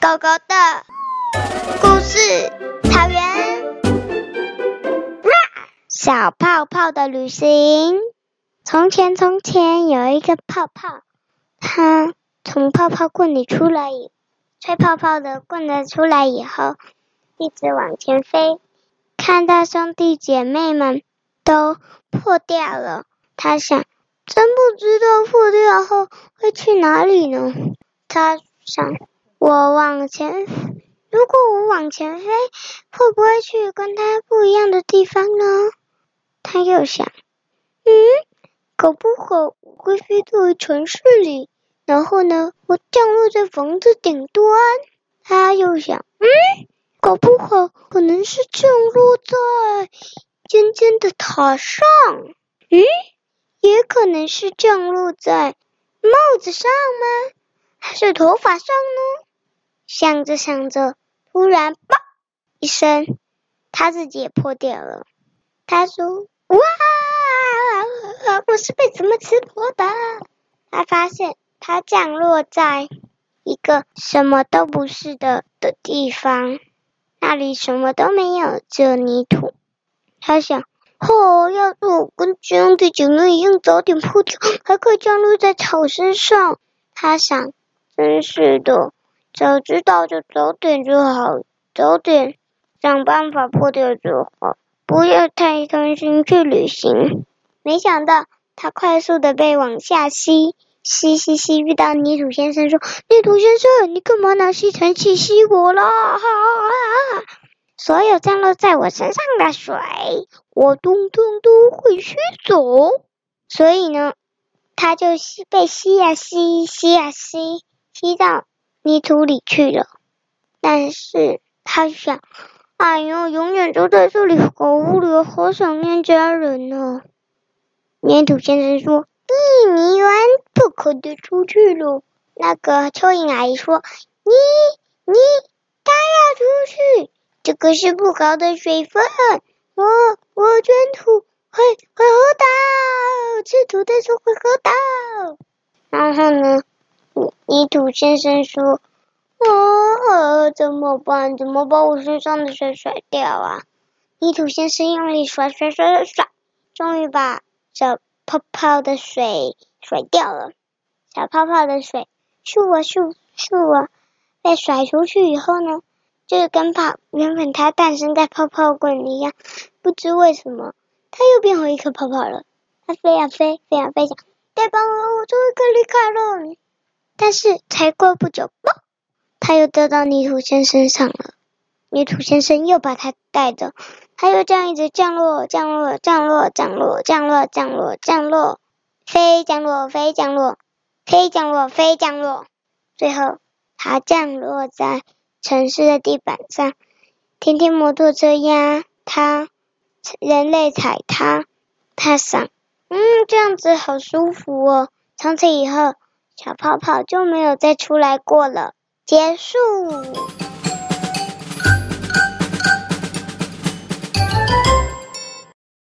狗狗的故事，草原，小泡泡的旅行。從前，從前有一個泡泡，它從泡泡棍裡出來，吹泡泡的棍子出來以後，一直往前飛，看到兄弟姐妹們都破掉了，他想，真不知道破掉後會去哪裡呢？他想。我往前，如果我往前飛，會不會去跟他不一樣的地方呢？他又想，嗯，搞不好我會飛到城市裡，然後呢，我降落在房子頂端。他又想，嗯，搞不好可能是降落在尖尖的塔上，嗯，也可能是降落在帽子上嗎？還是頭髮上呢？想着想着，突然“啪”一聲，他自己也破掉了。他說：“哇，我是被什麼刺破的？”他發現他降落在一個什麼都不是的的地方，那裡什麼都沒有，只有泥土。他想：“哦，要是我跟兄弟姐妹一樣早點破掉，還可以降落在草身上。”他想：“真是的。”早知道就早點就好，早點想辦法破掉就好。不要太貪心去旅行。沒想到他快速的被往下吸，吸吸吸，遇到泥土先生說：“泥土先生，你幹嘛拿吸塵器吸我了？”哈哈哈！所有降落在我身上的水，我通通都會吸走。所以呢，他就吸被吸呀、啊、吸吸呀、啊、吸吸到。泥土裡去了，但是他想，哎呦，永遠都在這裡好無聊，好想念家人呢、啊。粘土先生說：“你永遠不可能出去了。”那個蚯蚓阿姨說：“你你，他要出去，這個是不高的水分，我我粘土會會喝到，吃土的時候會喝到。”然後呢？泥土先生說：“哦，怎麼辦？怎麼把我身上的水甩掉啊？”泥土先生用力甩甩甩甩，甩，終於把小泡泡的水甩掉了。小泡泡的水，咻啊，咻咻啊，被甩出去以後呢，就個跟泡，原本它誕生在泡泡棍一樣。不知為什麼，它又變回一顆泡泡了。它飛呀飛，飛呀飛，想再幫我，我終於可以離開了。但是才過不久，嘣、哦，他又掉到泥土先生身上了。泥土先生又把他帶走，他又這樣一直降落、降落、降落、降落、降落、降落、降落、飛、降落、飛、降落、飛、降落、飛降落、飛降落、飛降落。最後，他降落在城市的地板上，天天摩托車壓它，人類踩它，他爽。嗯，這樣子好舒服哦。從此以後。小泡泡就沒有再出來過了，結束。